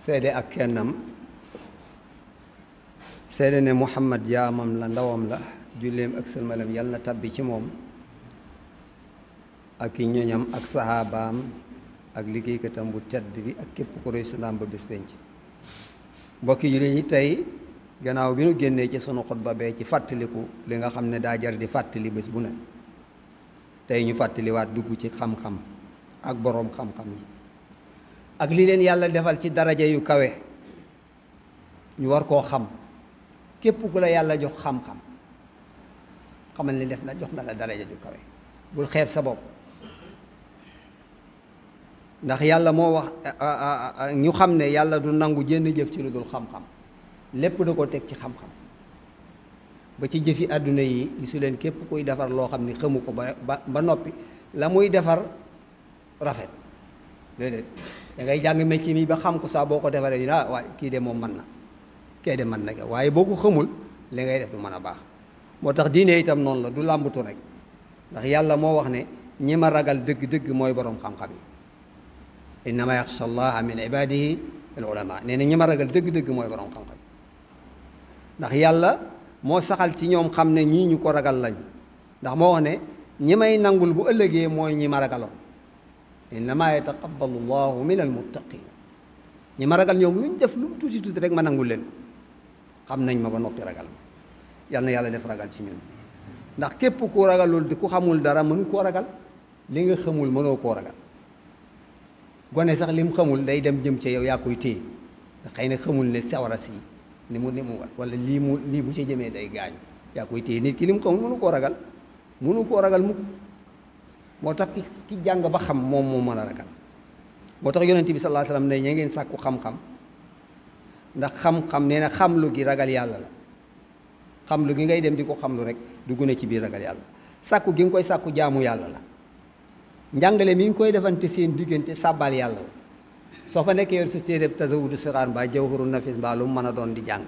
seede ak kennam seede ne muhammad jaamam la ndawam la julleem ak sëlmalam yàlla tàbbi ci moom ak i ñoñam ak saxaabaam ak liggéeykatam bu tedd bi ak képp ku roy ba bés penc mbokki jullit yi tey gannaaw bi nu génnee ci sunu xutba bee ci fàttaliku li nga xam ne daa jar di fàttali bés bu ne tey ñu fàttaliwaat dugg ci xam-xam ak boroom xam-xam yi ak li leen yàlla defal ci daraja yu kawe ñu war koo xam képp ku la yàlla jox xam-xam xamal ni def na jox na la daraja ju kawe bul xeeb sa bopp ndax yàlla moo wax ñu xam ne yàlla du nangu jenn jëf ci lu dul xam-xam lépp da ko teg ci xam-xam ba ci jëfi àdduna yi gisu leen képp kuy defar loo xam ni xamu ko ba ba noppi la muy defar rafet déedéet da ngay jàng métier mi ba xam ko saa boo ko defaree ñu ah waaye kii de moom mën na kee de mën na waaye boo ko xamul li ngay def du a baax moo tax diine itam noonu la du làmbatu rek ndax yàlla moo wax ne ñi ma ragal dëgg-dëgg mooy borom xam-xam yi innama yaxsha allaha min ibadihi al ulama nee na ñi ma ragal dëgg-dëgg mooy borom xam-xam ndax yàlla moo saxal ci ñoom xam ne ñii ñu ko ragal lañu ndax moo wax ne ñi may nangul bu ëllëgee mooy ñi ma ragaloon innama yataqabbalu llahu min almuttaqin ñi ma ragal ñoom lu ñu def lu mu tuuti tuuti rek ma nangul leen ko xam nañ ma ba noppi ragal ma yal na yàlla def ragal ci ñun ndax képp ku ragalul di ku xamul dara mënu koo ragal li nga xamul mënoo koo ragal gone sax lim xamul day dem jëm ci yow yaa koy xëy na xamul ne sawara si ni mu ni mu wala lii mu lii bu ci jëmee day gaañ yaa koy téye nit ki lim xamul koo ragal mënu koo ragal mukk moo tax ki ki jàng ba xam moom moo mën a ragal moo tax yonent bi sallallahu alayhi wasallam ne ña ngeen sàkku xam-xam ndax xam-xam nee na xamlu gi ragal yàlla la xamlu gi ngay dem di ko xamlu rek dugg na ci biir ragal yàlla sàkku gi nga koy sàkku jaamu yàlla la njàngale mi ngi koy defante seen diggante sàbbaal yàlla la soo fa nekkee yor sa téereb tasawudu siraar mbaa jawharu nafis mbaa lu mën a doon di jàng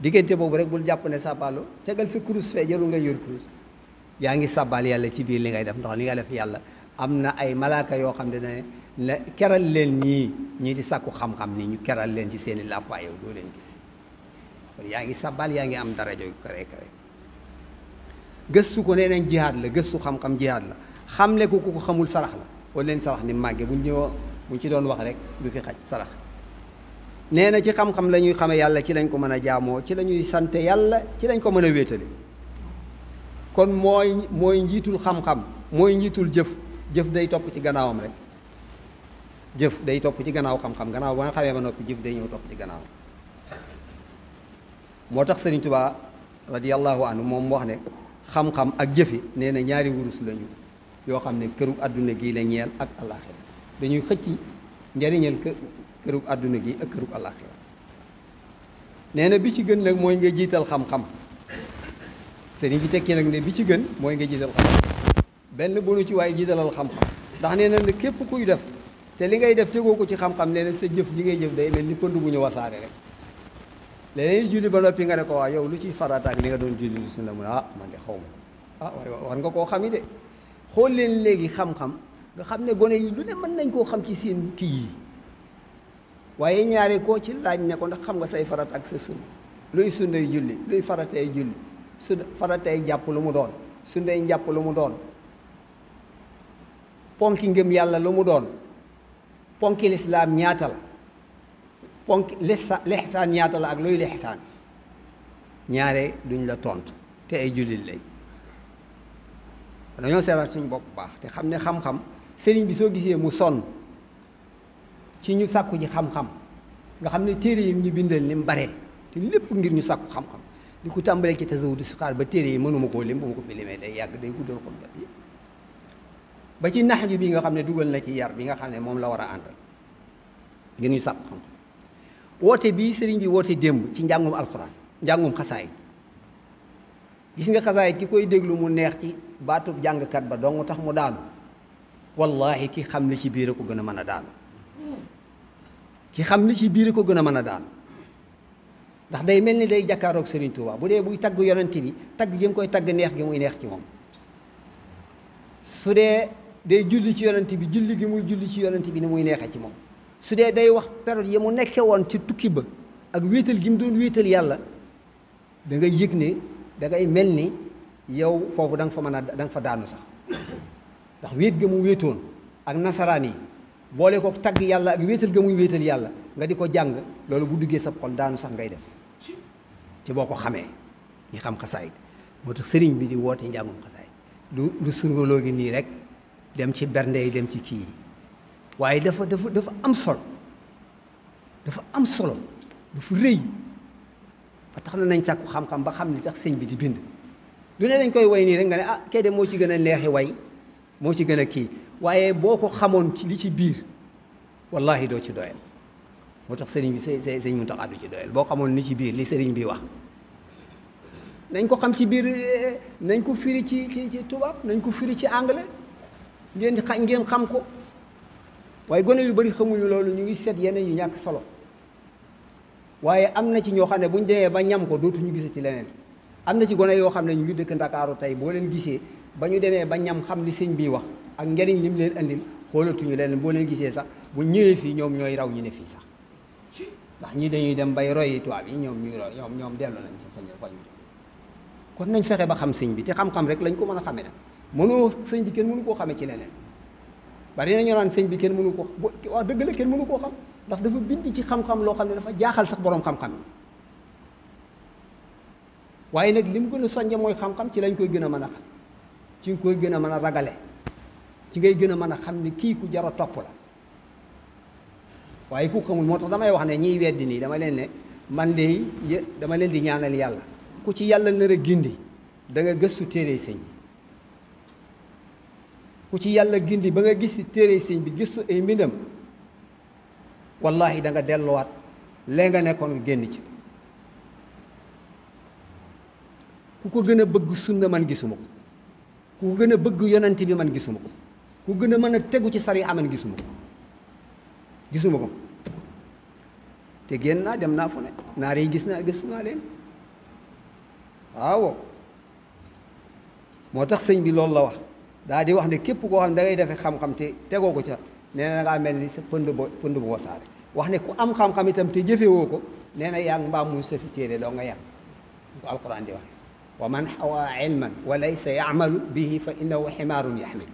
diggante boobu rek bul jàpp ne sàbbaalu tegal sa kurus fee jarul ngay yor yaa ngi sabal yàlla ci biir li ngay def ndox li nga def yàlla am na ay malaaka yoo xam ne ne la keral leen ñii ñii di sàkku xam-xam ni ñu keral leen ci seen i làpp waaye yow doo leen gis yaa ngi sabal yaa ngi am daraja yu kare gëstu ko nee nañ jihaad la gëstu xam-xam jihaad la xamle ko ko xamul sarax la wala leen sarax ni màggee buñ ñëw bu ci doon wax rek du fi xaj sarax nee na ci xam-xam la ñuy xame yàlla ci lañ ko mën a jaamoo ci la ñuy sante yàlla ci lañ ko mën a wéetale kon mooy mooy njiitul xam-xam mooy njiitul jëf jëf day topp ci gannaawam rek jëf day topp ci gannaaw xam-xam gannaaw ba nga xamee ba noppi jëf day ñëw topp ci gannaaw moo tax Sëriñ Tuubaa radiyallahu anhu moom wax ne xam-xam ak jëfi nee na ñaari wurus lañu yoo xam ne këru àdduna gii la ñeel ak àllaaxira dañuy xëcc njariñal këru àdduna gi ak këru àllaaxira nee na bi ci gën nag mooy nga jiital xam-xam sëriñ bi tekki nag ne bi ci gën mooy nga jiital xam-xam benn bunu ci waaye jiitalal ndax nee na ne képp kuy def te li ngay def tegoo ko ci xam-xam nee na sa jëf ji ngay jëf day mel ni pënd bu ñu wasaare rek leneen julli ba noppi nga ne ko waa yow lu ciy farata li nga doon julli lu sunna mu ne ah man de xaw ma ah waaye war nga koo xam yi de xool leen léegi xam-xam nga xam ne gone yi lu ne mën nañ koo xam ci seen kii yi waaye ñaare koo ci laaj ne ko ndax xam nga say farat ak sa sunna luy sunna yu julli luy faratay julli su faratay jàpp lu mu doon su ndey jàpp lu mu doon ponki ngëm yàlla lu mu doon ponki lislaam ñaata la ponki lixsaan ñaata la ak luy lixsaan ñaare duñ la tontu te ay jullit lañ dañoo seetal suñ bopp baax te xam ne xam-xam sëriñ bi soo gisee mu sonn ci ñu sàkku ji xam-xam nga xam ne téere yi ñu bindal ni mu bare te lépp ngir ñu sàkku xam-xam li ko tàmbalee ci tasawudu sixaar ba téere yi mënuma koo lim bu ma ko fi limee day yàgg day guddal xutba ba ci nax ju bi nga xam ne dugal na ci yar bi nga xam ne moom la war a àndal ngir ñu sàpp xam woote bii sëriñ bi woote démb ci njàngum alxuraan njàngum xasaayit gis nga xasaayit ki koy déglu mu neex ci baatub jàngkat ba dong tax mu daanu wallahi ki xam li ci biir a ko gën a mën a daanu ki xam ni ci biir a ko gën a mën a daanu ndax day melni ni day ak Serigne Touba bu buy taggu yonenti bi tagg jëm koy tagg neex gi muy neex ci mom su day julli ci yonenti bi julli gi muy julli ci yonenti bi ni muy neexe ci mom su day wax période yamu nekké won ci tukki ba ak wétal gi mu doon wétal yalla da nga yegné da ngay melni ni yow fofu dang fa mëna dang fa daanu sax ndax wét gi mu wétoon ak nasarani bolé ko tagg yalla ak wétal gi mu wétal yalla nga diko ko lolou bu duggé sa xol daanu sax ngay def ci boo ko xamee ñi xam xasaayit moo tax sëriñ bi di woote njàngum xasaayit du du surgaloo gi nii rek dem ci bernde yi dem ci kii yi waaye dafa dafa dafa am solo dafa am solo dafa rëy ba tax na nañ sàkku xam-xam ba xam li tax sëñ bi di bind lu ne dañ koy way nii rek nga ne ah kee de moo ci gën a neexi way moo ci gën a kii waaye boo ko xamoon ci li ci biir wallahi doo ci doyal moo tax sëriñ bi së sëriñ Mountakha du ci doyal boo xamoon ni ci biir li sëriñ bi wax nañ ko xam ci biir eh, nañ ko firi ci ci ci tubaab nañ ko firi ci anglais ngeen ngeen xam ko waaye gone yu bari xamuñu loolu ñu ngi seet yeneen yu ñàkk solo waaye am na ci ñoo xam ne bu ñu demee ba ñam ko dootuñu gisee ci leneen am na ci gone yoo xam ne ñu ngi dëkk ndakaaru tey boo leen gisee ba ñu demee ba ñam xam li sëñ bi wax ak njariñ li leen andil xoolatuñu leneen boo leen gisee sax bu ñëwee fii ñoom ñooy raw ñu ne fii sax ndax ñii dañuy dem bay royi tubaab yi ñoom ñoom dellu nañ ci fañ fañu kon nañ fexe ba xam sëñ bi te xam-xam rek lañ ko mën a xamee nag mënoo sëñ bi kenn mënu koo xamee ci leneen bari na ñu naan sëñ bi kenn mënu ko waaw dëgg la kenn mënu koo xam ndax dafa bind ci xam-xam loo xam ne dafa jaaxal sax boroom xam-xam waaye nag li mu gën a mooy xam ci lañ koy gën a mën a xam ci nga koy gën a mën a ragale ci ngay gën mën a xam ni kii ku jar a topp la waaye ku xamul moo tax damay wax ne ñiy weddi nii dama leen ne man de dama leen di ñaanal yàlla ku ci yàlla nar a gindi danga nga gëstu téere sëñ bi ku ci yàlla gindi ba nga gis téere sëñ bi gëstu ay mbindam wallaahi danga nga delluwaat lee nga nekkoon génn ci ku ko gën a bëgg sunna man gisuma ko ku ko gën a bëgg yonent bi man gisuma ko ku gën a mën a tegu ci sar yi aman gisuma ko gisuma ko تجينا دمنا فونا ناري جسنا جسنا لين هاو آه. موتاخ سيغ بي لول لا واخ دا دي واخ ني كيب كو خام دا غاي دافي خام خام تي تيغو كو تيا نينا نغا ملني سي بوند بو بوند بو وساري واخ ني كو ام خام خام تام تي جيفي ووكو نينا يان با موي سيفي تيري دو غايا القران دي واخ ومن حوى علما وليس يعمل به فانه حمار يحمل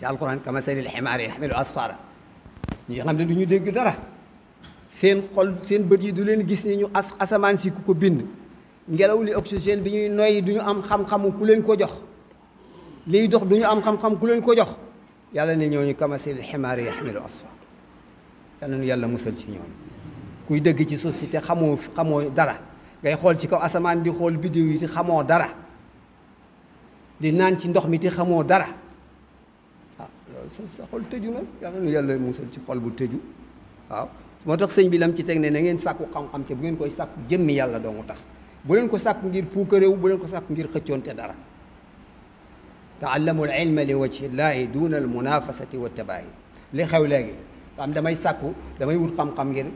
جاء القران كما سيل الحمار يحمل اسفارا ني خام دي ني ديغ دارا seen xol seen bët yi du leen gis ni ñu as asamaan si ku ko bind ngelaw li oxygène bi ñuy noyyi du ñu am xam-xamu ku leen ko jox liy dox du ñu am xam-xam ku leen ko jox yàlla ne ñooñu kamasil ximaari yaxmilu asfa yàlla nu yàlla musal ci ñooñu kuy dëgg ci suuf si te xamoo xamoo dara ngay xool ci kaw asamaan di xool biddiw yi te xamoo dara di naan ci ndox mi te xamoo dara waaw ah, loolu sa xol tëju na yàlla nu yàlla musal ci xol bu tëju waaw moo tax sëñ bi lam ci teg ne na ngeen sàkku xam-xam te bu ngeen koy sàkku jëmmi yàlla dongu tax bu leen ko sàkku ngir puukaréew bu leen ko sàkku ngir xëccoonte dara taallamu l ilma li wajhillahi duna al munafasati wa tabaahi li xew léegi am damay sakku damay wut xam-xam ngir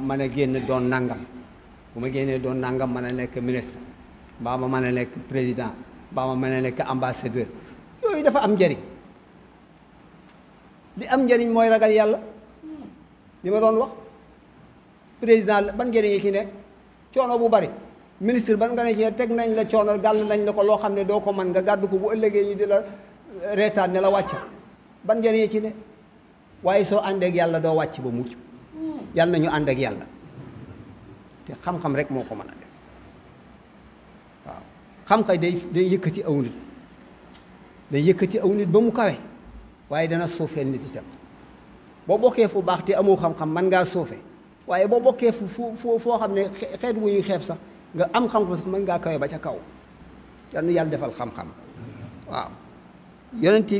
mën a génn doon nangam bu ma génnee doon nangam mën a nekk ministre baa ma mën a nekk président mbaa ma mën a nekk ambassadeur yooyu dafa am njariñ li am njariñ mooy ragal yàlla li ma doon wax président ban njëriñ yi ki ne coono bu bari ministre ban nga ne ci ne teg nañ la coono gàll nañ la ko loo xam ne doo ko mën nga gàddu ko bu ëllëgee ñu di la reetaan ne la wàcc ban njëriñ yi ci ne waaye soo àndeek yàlla doo wàcc ba mucc yàlla nañu ànd ak yàlla te xam-xam rek moo ko mën a def waaw xam-xam day day yëkkati aw nit day yëkkati aw nit ba mu kawe waaye dana suufeel nit itam boo bokkee fu baax te amoo xam-xam mën ngaa soofe waaye boo bokkee fu fu foo xam ne xeet bu ñuy xeeb sax nga am xam-xam sax mën ngaa kawe ba ca kaw yal na yàlla defal xam-xam waaw yonent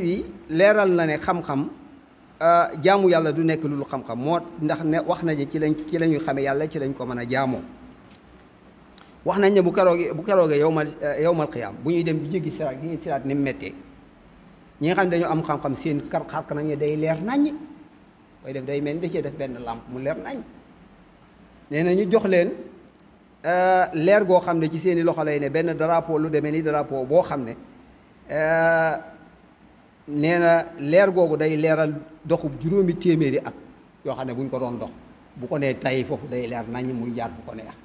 leeral na ne xam-xam euh, yàlla du nekk lu xam moo ndax ne wax nañu ci lañ ci la ñuy xamee yàlla ci lañ ko mën a jaamoo wax nañ ne bu keroogee bu keroogee yowmal euh, yowmal xiyaam bu ñuy dem bi jéggi siraat gi ngi siraat ni mu méttee ñi nga xam ne dañoo am xam-xam seen kar xar kanam day leer naññi koy day mel ni da cee def benn làmp mu leer nañ nee na jox leen euh, leer goo xam ne ci seeni loxo lay ne benn daraapo lu demee ni drapeau boo xam ne euh, nee na leer googu day leeral doxub juróomi téeméeri at yoo xam ne bu ñu ko doon dox bu ko nee tay foofu day leer nañ muy jaar bu ko neex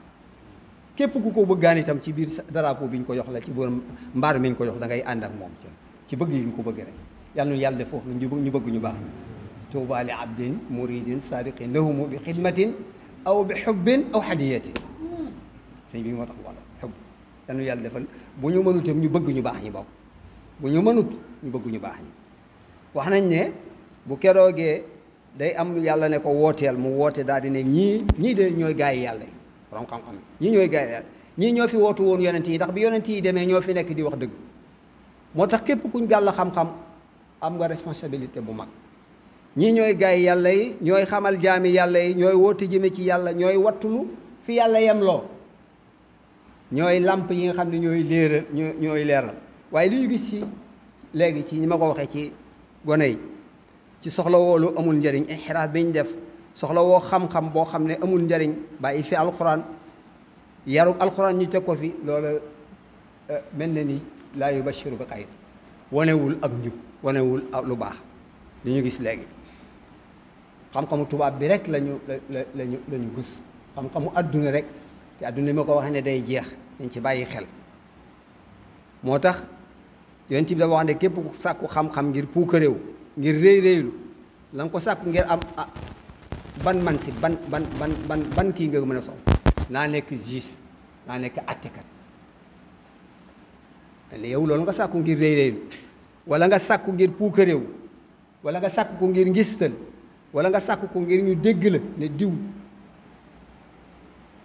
képp ku ko bëggaan itam ci biir drapeau bi ñu ko jox la ci biir mbaar mi ñu ko jox da ngay ànd moom ci bëgg yi ñu ko bëgg rek yàlla na yàlla def foofu ñu bëgg ñu baax طوبى لعبد مريد صادق له بخدمة أو بحب أو هدية sëñ bi moo tax wala xub dañu yàlla defal bu ñu mënut ñu bëgg ñu baax ñi bokk bu ñu mënut ñu bëgg ñu baax ñi wax nañ ne bu keroogee day am yàlla ne ko wooteel mu woote daal di ne ñii ñii de ñooy gaay yi yàlla yi borom xam-xam ñii ñooy gaay yàlla ñii ñoo fi wootu woon yonent yi ndax bi yonent yi demee ñoo fi nekk di wax dëgg moo tax képp kuñ gàll xam-xam am nga responsabilité bu mag ñi ñooy gay yàlla yi ñooy xamal jaami yàlla yi ñooy woote jëme ci yàlla ñooy wattulu fi yàlla yem loo ñooy làmp yi nga xam ne ñooy léeral ñooy leeral waaye li ñu gis ci léegi ci ñi ma ko waxee ci gone yi ci soxla woolu amul njëriñ inxiraaf bi ñu def soxla woo xam-xam boo xam ne amul njëriñ bàyyi fi alxuraan yaru alxuraan ñu teg ko fi loolu mel na ni laa yubashiru bi xayr wanewul ak njub wanewul lu baax li ñu gis léegi xam-xamu tubaab bi rek lañu la lañu la ñu xam-xamu adduna rek te adduna li ma ko waxee ne day jeex dañ ci bàyyi xel moo tax yonent bi dafa wax ne képp sàkku xam-xam ngir puukaréew ngir réy réylu ko sàkku ngir am ah, ban man si ban ban ban ban kii nga mën a soxla naa nekk juge naa nekk attikat ne yow loolu nga sàkku ngir réy réylu wala nga sàkku ngir puukaréew walla nga sàkku ko ngir ngistal wala nga sàkk ko ngir ñu dégg la ne diw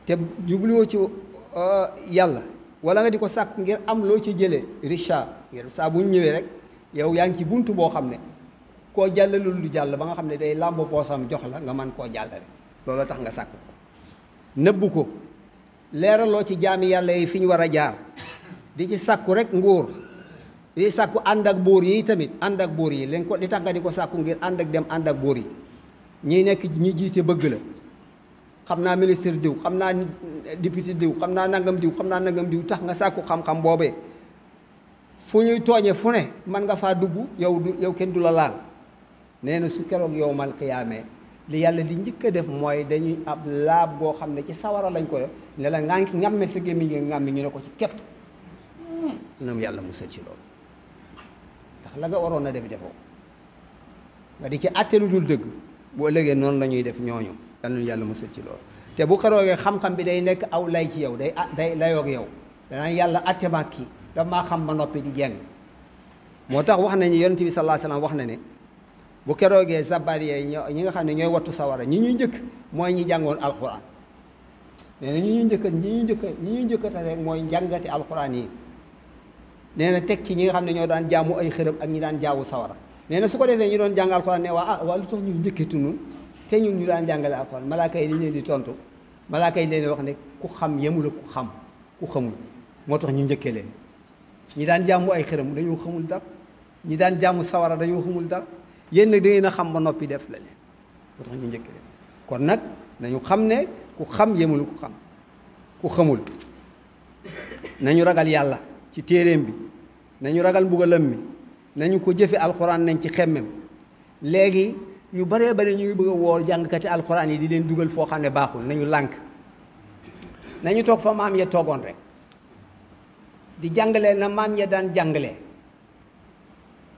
te jubluwoo ci euh, yàlla wala nga di ko ngir am loo ci jëlee richa ngir saa bu ñëwee rek yow yaa ngi ci bunt boo xam ne koo jàllalul du jàll ba nga xam ne day làmb poosam jox la nga man koo jàllale loolu tax nga sàkk ko nëbb ko leeraloo ci yi jaar di ci sàkku rek nguur di yi tamit yi leen ko di tax nga ngir ànd dem ànd ak yi ñi nekk ñi jiite bëgg la xam naa ministre diw xam naa député diw xam naa nangam diw xam naa nangam diw tax nga sàkku xam-xam boobee fu ñuy tooñe fu ne mën nga faa dugg yow du yow kenn du la laal nee na su keroog yow mal xiyaamee li yàlla di njëkk a def mooy dañuy ab laab goo xam ne ci sawara lañ ko la ne la ngaa ngàmme sa gémmiñ nga ngàmmi ñu ne ko ci képp nam yàlla musal ci loolu ndax la nga waroon a def defoo nga di ci àtte lu dul dëgg boo ëllëgee noonu la ñuy def ñooñu yal nañu yàlla musal ci loolu te bu xaroogee xam-xam bi day nekk aw lay ci yow day ah, day layoog yow danaan yàlla attema kii dafa maa xam ba noppi di jeng moo tax wax nañu yonent bi sallallahu alayhi wax na ne bu keroogee zabar yee ñi nga xam ne ñooy wattu sawara ñi ñuy njëkk mooy ñi jàngoon alxuraan nee na njëkk ñi njëkk ñi ñuy njëkk rek mooy njàngati alxuraan yi nee na teg ci ñi nga xam ne ñoo daan jaamu ay xërëm ak ñi daan jaawu sawara nee na su ko defee ñu doon jàng alxuraan ne waa ah waa lu tax ñu njëkkitu nun te ñu daan jàngale alxuraan malaaka yi dañ leen di tontu malaaka yi leen wax ne ku xam yemul ak ku xam ku xamul moo tax ñu njëkkee leen ñi daan jàmmu ay xëram dañoo xamul dara ñi daan jàmmu sawara dañoo xamul dara yéen nag a xam ba noppi def la kon nag nañu xam ne ku xam yemul ku xam ku xamul nañu ragal yàlla ci téeréem bi nañu ragal mbugalam mi nañu ko jëfe alcorane nañ ci xemem légui ñu bare bare ñuy bëgg a jang ka ci alcorane di leen duggal fo xamné baxul nañu lànk nañu tok fa maam ya togon rek di jàngale na maam ya daan jàngale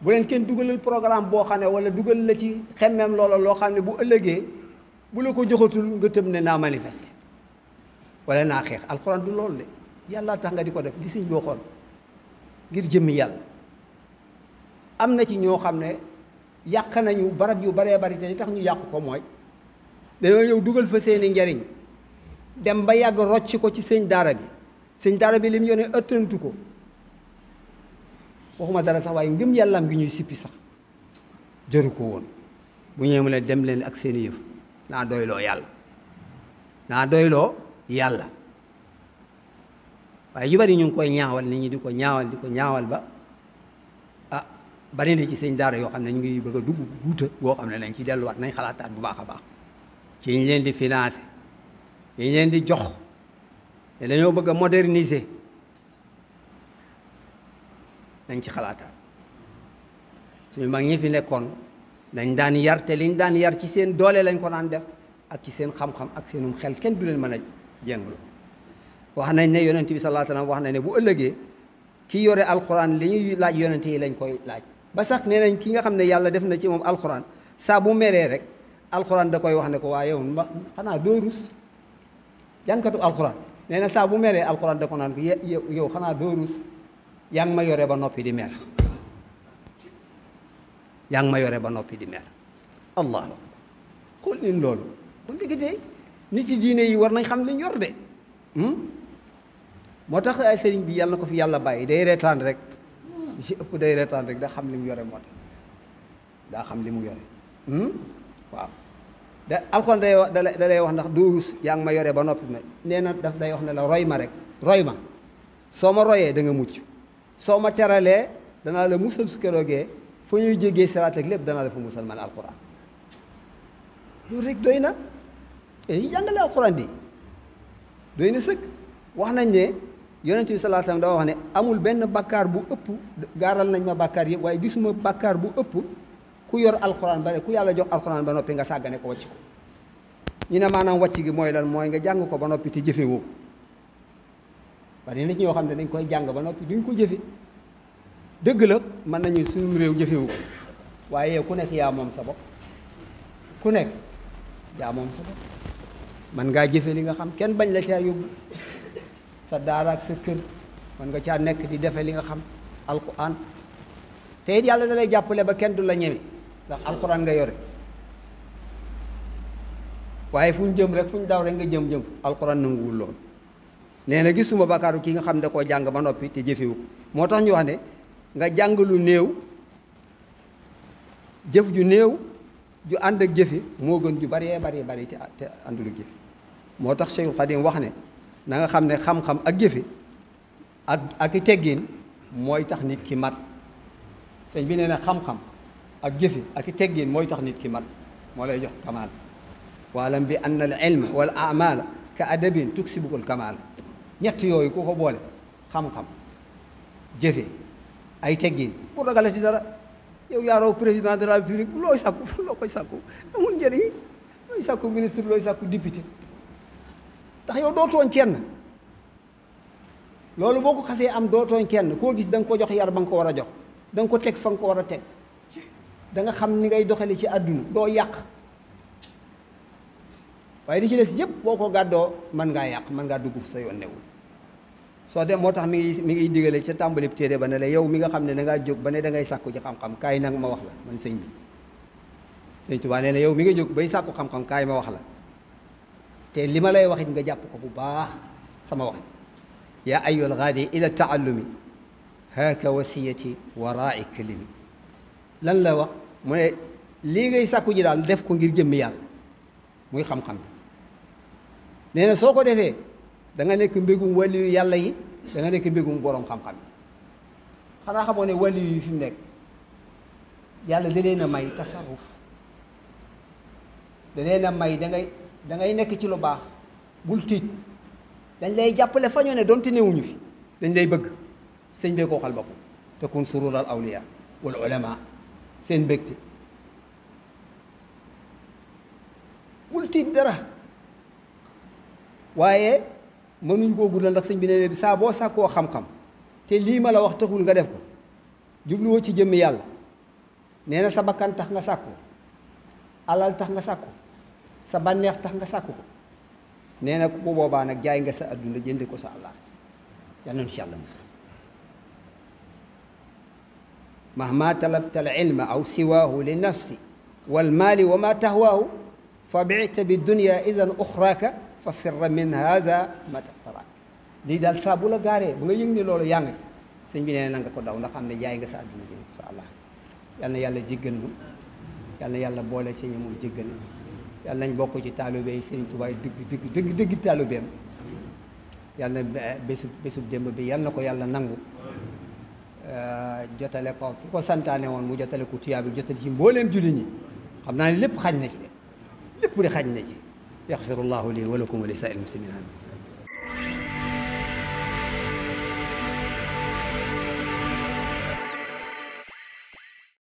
bu leen kenn duggalul programme bo xamné wala duggal la ci xemem loolu lo xamné bu ëllëgé bu la ko joxatul nga tëm ne na manifesté wala na xex alcorane du loolu de yàlla tax nga diko def di sëñ bo xol ngir jëm yàlla am na ci ñoo xam ne yàq nañu barab yu baree bari te li tax ñu yàq ko mooy dañoo ñëw dugal fa seeni njariñ dem ba yàgg rocc ko ci sëñ daara bi sëñ daara bi lim yone ëttantu ko waxuma dara sax waaye ngëm yàllaam gi ñuy sippi sax jëru ko woon bu ñëwee mu ne dem leen ak seeni yëf naa doyloo yàlla naa doyloo yàlla waaye yu bari ñu ngi koy ñaawal nit ñi di ko ñaawal di ko ñaawal ba bari na ci sëñ daara yoo xam ne ñu ngi bëgg a dugg guuta boo xam ne nañ ci delluwaat nañ xalaataat bu baax a baax leen di financé yi ñu leen di jox te dañoo bëgg a moderniser nañ ci xalaataat suñu mag ñi fi nekkoon dañ daan yar te liñ daan yar ci seen doole lañ ko daan def ak ci seen xam-xam ak seenum xel kenn du leen mën a jéngloo wax nañ ne yonent bi sallallahu alayhi wasallam wax nañ ne bu ëllëgee ki yore alxuraan li ñuy laaj yonent yi lañ koy laaj ba sax nee nañ ki nga xam ne yàlla def na ci moom alxuraan saa bu meree rek alxuraan da koy wax ne ko waa yow ma xanaa doo rus jànkatu na saa bu meree alxuraan da ko naan ko xanaa doo rus ma yore ba noppi di mer yaa ngi ma yore ba noppi di mer allahu xool leen loolu kon liggéey nit ci diine yi war nañ xam li yor de hmm? moo tax ay sëriñ bi yàlla ko fi yàlla bàyyi day reetaan rek li si ëpp day reetaan rek da xam li mu yore moo tax daa xam li mu yore hmm? waaw da alxuraan day wax wax ndax duus yaa ngi ma yore ba noppi ma nee na daf day wax ne la roy ma rek roy ma soo ma royee da nga mucc soo ma teralee danaa la musal su keroogee foo ñuy jégee siraat lépp danaa la fa musal man alxuraan loolu rek doy na dañuy eh, jàngale alxuraan di doy na sëkk wax nañ ne yonent bi sallallahu alayhi wasallam dafa wax ne amul benn bàkkaar bu ëpp gaaral nañ ma bàkkaar yëpp waaye gisuma bàkkaar bu ëpp ku yor alxuraan ba ku yàlla jox alxuraan ba noppi nga sàggane ko wàcc ko ñu ne maanaam wàcc gi mooy lan mooy nga jàng ko ba noppi te jëfewoo ko bari xam ne dañ koy jàng ba noppi duñ ko jëfe dëgg la mën nañu suñu réew jëfewu ko waaye ku nekk yaa moom sa bopp ku nekk yaa moom sa bopp mën ngaa jëfe li nga xam kenn bañ la caa yóbbu sa daara ak sa kër man nga caa nekk di defe li nga xam alquran te it yàlla dalay jàppale ba kenn du la ñeme ndax alquran nga yore waaye fu jëm rek fu daw rek nga jëm jëm alquran nanguwul lool nee na gisuma bakaaru ki nga xam ne da koo jàng ba noppi te jëfewu moo tax ñu wax ne nga jàng lu néew jëf ju néew ju ànd ak jëfe moo gën ju bari te àndul ak jëfe moo tax Cheikhul Xadim wax ne na nga xamne xam-xam ak jëfé ak ak téggine moy tax nit ki mat sëñ bi nee xam-xam ak jëfé ak téggine moy tax nit ki mat mo lay jox kamaal waalam bi anna al ilm wal a'mal ka adabin tuksibukul kamal ñett yoy ku ko bolé xam-xam jëfe ay téggine pour ragale ci dara yow yaa raw président de la république loy sàkku loy sàkku amun jëri loy sàkku ministre loy sàkku député tax yow dootooñ kenn loolu boo ko xasee am dootooñ kenn koo gis da nga ko jox yar ba nga ko war a jox da nga ko teg fa nga ko war a teg da nga xam ni ngay doxali ci àdduna doo yàq waaye di ci des yépp boo ko gàddoo mën ngaa yàq mën ngaa dugg sa yoon newul soo dem moo tax mi ngi mi ngi digale ca tàmbali téere ba ne yow mi nga xam ne da ngaa jóg ba ne da ngay sàkku ci xam-xam kaay ma wax la man sëñ bi sëñ Tuubaa nee na yow mi nga jóg bay sàkku xam-xam kaay ma wax la te lima lay waxit nga jàpp ko bu baax sama wax yaa ayul ghadi ila taallumi haka wasiyati waraai kalimi lan la wax mu ne lii ngay sàkku ji dal def ko ngir jëm yàlla muy xam-xam neena soko defé da nga nek mbégum waliyu yàlla yi da nga nek mbégum borom xam-xam xana xamone wali ne yi fi nek yàlla dalena may tasarruf dalena may da ngay da ngay nekk ci lu baax bul tiit dañ lay jàppale fa ñu ne donte newuñu fi dañ lay bëgg sëñ bee koo xal bopp te kun surur al awliya wal ulama seen mbégte bul tiit dara waaye mënuñ koo gudd ndax sëñ bi ne bi saa boo sàkkoo xam-xam te lii ma la wax taxul nga def ko jubluwoo ci jëmmi yàlla nee na sa bakkan tax nga alal tax nga sa banex tax nga كوبا ko neena ko bo boba nak jaay nga sa aduna jende ko sa allah ya non inshallah musa مهما طلبت العلم أو سواه لنفسي والمال وما تهواه فبعت بالدنيا إذن أخراك ففر من هذا ما تقترا دي سابو لا غاري بوغا ييغني لولو يانغ سيغ بي نانغا كو داو نخا خامني جايغا سا ادنا ان شاء الله يالنا يالا جيغن يالنا يالا بولا سي نيمو جيغن yàlla nañ bokk ci taalibe yi Sëriñ Tuubaa dëgg dëgg dëgg dëgg taalibeem yàlla na bésub bésub démb bi yàlla na ko yàlla nangu jotale ko fi ko santaane woon mu jotale ko tuyaa bi jotale ci mbooleem julli ñi xam naa ne lépp xaj na ci de lépp di xaj na ci yaxfirullahu li wa lakum wa li saa'il muslimin amin